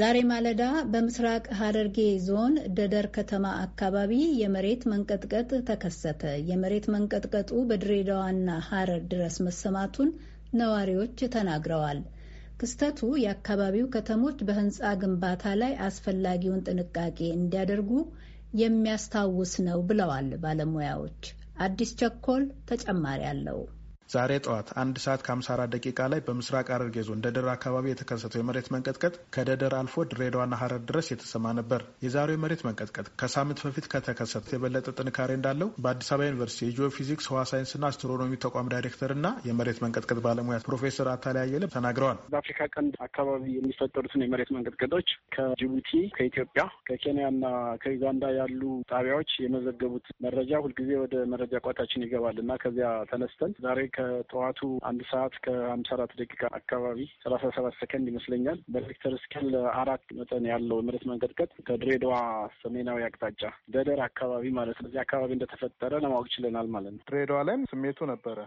ዛሬ ማለዳ በምስራቅ ሀረርጌ ዞን ደደር ከተማ አካባቢ የመሬት መንቀጥቀጥ ተከሰተ። የመሬት መንቀጥቀጡ በድሬዳዋና ሐረር ድረስ መሰማቱን ነዋሪዎች ተናግረዋል። ክስተቱ የአካባቢው ከተሞች በህንፃ ግንባታ ላይ አስፈላጊውን ጥንቃቄ እንዲያደርጉ የሚያስታውስ ነው ብለዋል ባለሙያዎች። አዲስ ቸኮል ተጨማሪ አለው። ዛሬ ጠዋት አንድ ሰዓት ከ54 ደቂቃ ላይ በምስራቅ ሐረርጌ ዞን ደደር አካባቢ የተከሰተው የመሬት መንቀጥቀጥ ከደደር አልፎ ድሬዳዋና ሐረር ድረስ የተሰማ ነበር። የዛሬው የመሬት መንቀጥቀጥ ከሳምንት በፊት ከተከሰተ የበለጠ ጥንካሬ እንዳለው በአዲስ አበባ ዩኒቨርሲቲ የጂኦ ፊዚክስ ህዋ ሳይንስና አስትሮኖሚ ተቋም ዳይሬክተር የመሬት መንቀጥቀጥ ባለሙያ ፕሮፌሰር አታላይ አየለ ተናግረዋል። በአፍሪካ ቀንድ አካባቢ የሚፈጠሩትን የመሬት መንቀጥቀጦች ከጅቡቲ፣ ከኢትዮጵያ፣ ከኬንያና ከዩጋንዳ ያሉ ጣቢያዎች የመዘገቡት መረጃ ሁልጊዜ ወደ መረጃ ቋታችን ይገባል እና ከዚያ ተነስተን ዛሬ ከጠዋቱ አንድ ሰዓት ከአምሳ አራት ደቂቃ አካባቢ ሰላሳ ሰባት ሰከንድ ይመስለኛል በሬክተር ስኬል አራት መጠን ያለው የመሬት መንቀጥቀጥ ከድሬዳዋ ሰሜናዊ አቅጣጫ ደደር አካባቢ ማለት ነው። እዚህ አካባቢ እንደተፈጠረ ለማወቅ ችለናል ማለት ነው። ድሬዳዋ ላይም ስሜቱ ነበረ።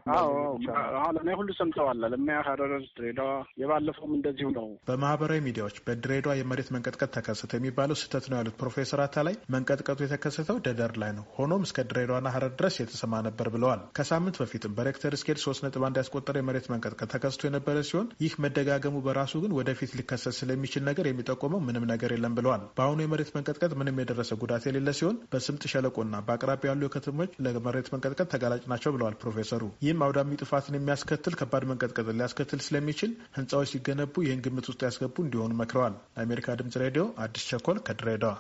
ለማይ ሁሉ ሰምተዋል። ለሚያ ሐረር፣ ድሬዳዋ የባለፈውም እንደዚሁ ነው። በማህበራዊ ሚዲያዎች በድሬዳዋ የመሬት መንቀጥቀጥ ተከሰተ የሚባለው ስህተት ነው ያሉት ፕሮፌሰር አታላይ መንቀጥቀጡ የተከሰተው ደደር ላይ ነው፣ ሆኖም እስከ ድሬዳዋና ሀረር ድረስ የተሰማ ነበር ብለዋል። ከሳምንት በፊትም በሬክተር ስኬል ሶስት ነጥብ አንድ ያስቆጠረ የመሬት መንቀጥቀጥ ተከስቶ የነበረ ሲሆን ይህ መደጋገሙ በራሱ ግን ወደፊት ሊከሰት ስለሚችል ነገር የሚጠቆመው ምንም ነገር የለም ብለዋል። በአሁኑ የመሬት መንቀጥቀጥ ምንም የደረሰ ጉዳት የሌለ ሲሆን በስምጥ ሸለቆና በአቅራቢያ ያሉ ከተሞች ለመሬት መንቀጥቀጥ ተጋላጭ ናቸው ብለዋል ፕሮፌሰሩ። ይህም አውዳሚ ጥፋትን የሚያስከትል ከባድ መንቀጥቀጥ ሊያስከትል ስለሚችል ህንፃዎች ሲገነቡ ይህን ግምት ውስጥ ያስገቡ እንዲሆኑ መክረዋል። ለአሜሪካ ድምጽ ሬዲዮ አዲስ ቸኮል ከድሬዳዋ